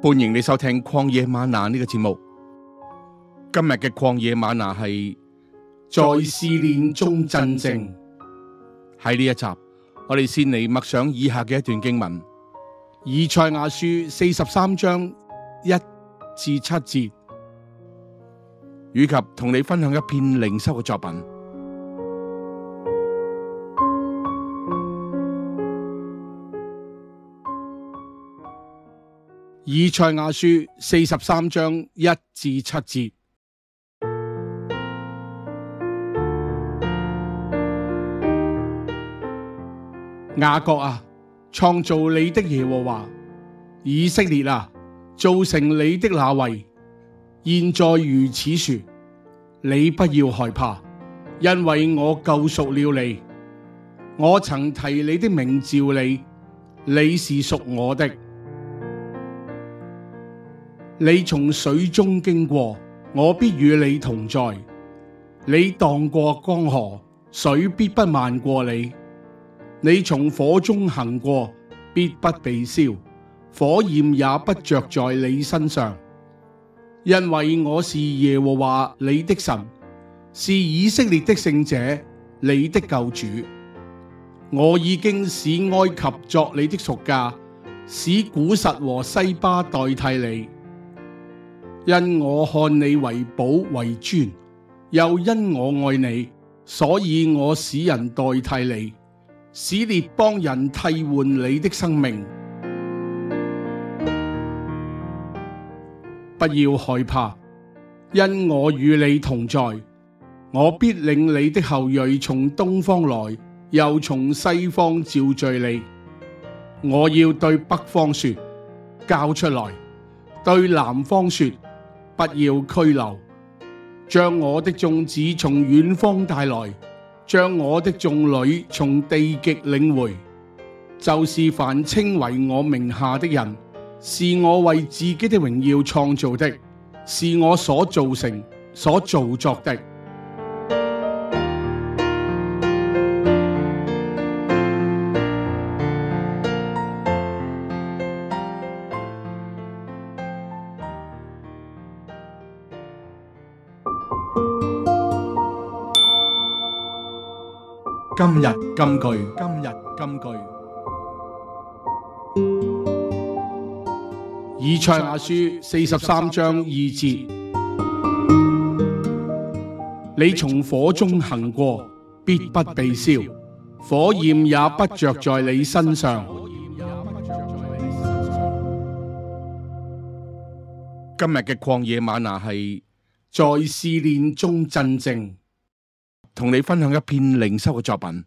歡迎你收聽《曠野瑪娜》呢、這個節目。今日嘅《曠野瑪娜》係在試煉中鎮靜。喺呢一集，我哋先嚟默想以下嘅一段經文：以賽亞書四十三章一至七節，以及同你分享一篇靈修嘅作品。以賽亞書四十三章一至七節：雅各啊，創造你的耶和華，以色列啊，造成你的那位，現在如此說，你不要害怕，因為我救贖了你，我曾提你的名召你，你是屬我的。你從水中經過，我必與你同在；你蕩過江河，水必不漫過你。你從火中行過，必不被燒，火焰也不着在你身上，因為我是耶和華你的神，是以色列的聖者，你的救主。我已經使埃及作你的贖價，使古實和西巴代替你。因我看你為寶為尊，又因我愛你，所以我使人代替你，使列邦人替換你的生命。不要害怕，因我與你同在，我必領你的後裔從東方來，又從西方召聚你。我要對北方說：交出來；對南方說：不要拘留，將我的眾子從遠方帶來，將我的眾女從地極領回。就是凡稱為我名下的人，是我為自己的榮耀創造的，是我所做成、所造作的。今日金句，今日金句，以賽亞書四十三章二節：你從火中行過，必不被燒，火焰也不着在你身上。今日嘅曠野嗎哪係在試煉中鎮靜。同你分享一篇靈修嘅作品。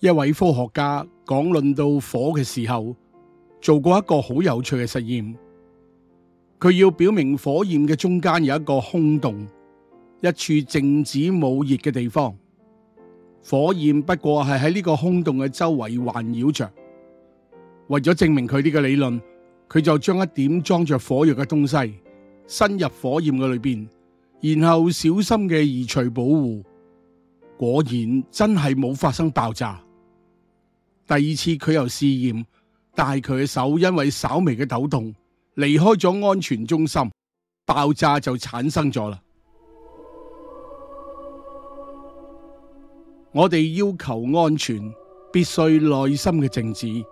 一位科學家講論到火嘅時候，做過一個好有趣嘅實驗。佢要表明火焰嘅中間有一個空洞，一處靜止冇熱嘅地方。火焰不過係喺呢個空洞嘅周圍環繞着，為咗證明佢呢個理論，佢就將一點裝着火藥嘅東西伸入火焰嘅裏邊，然後小心嘅移除保護，果然真係冇發生爆炸。第二次佢又試驗，但係佢嘅手因為稍微嘅抖動離開咗安全中心，爆炸就產生咗啦。我哋要求安全，必須內心嘅靜止。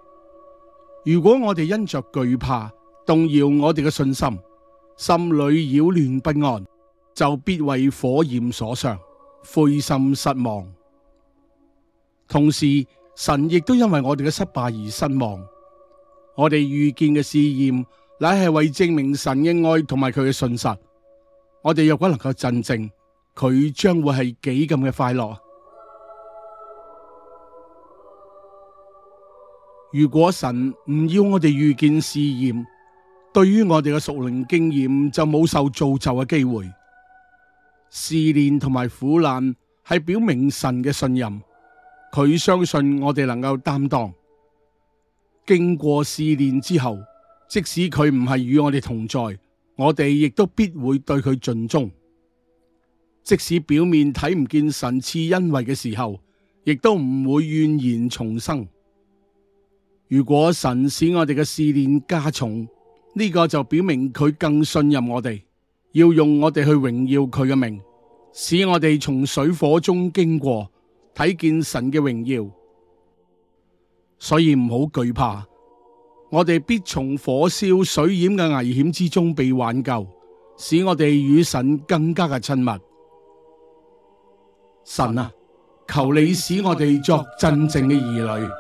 如果我哋因着懼怕動搖我哋嘅信心，心裏擾亂不安，就必為火焰所傷，灰心失望。同時，神亦都因為我哋嘅失敗而失望。我哋遇見嘅試驗，乃係為證明神嘅愛同埋佢嘅信實。我哋若果能夠鎮靜，佢將會係幾咁嘅快樂。如果神唔要我哋遇見試驗，對於我哋嘅屬靈經驗就冇受造就嘅機會。試煉同埋苦難係表明神嘅信任，佢相信我哋能夠擔當。經過試煉之後，即使佢唔係與我哋同在，我哋亦都必會對佢盡忠。即使表面睇唔見神賜恩惠嘅時候，亦都唔會怨言重生。如果神使我哋嘅試煉加重，呢個就表明佢更信任我哋，要用我哋去榮耀佢嘅名，使我哋從水火中經過，睇見神嘅榮耀。所以唔好懼怕，我哋必從火燒水淹嘅危險之中被挽救，使我哋與神更加嘅親密。神啊，求你使我哋作真正嘅兒女。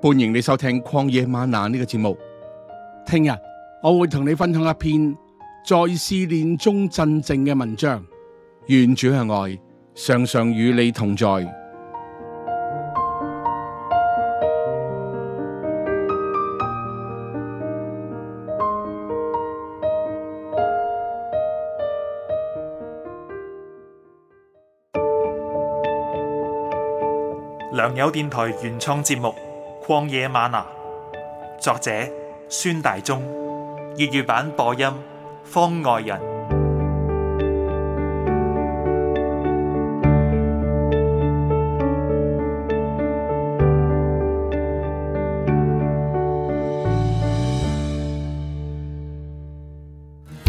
歡迎你收聽曠野嗎哪呢個節目。聽日我會同你分享一篇在試煉中鎮靜嘅文章。願主嘅愛常常與你同在。良友電台原創節目。曠野嗎哪，作者孫大中，粵語版播音方外人，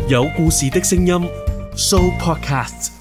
有故事的聲音 show podcast。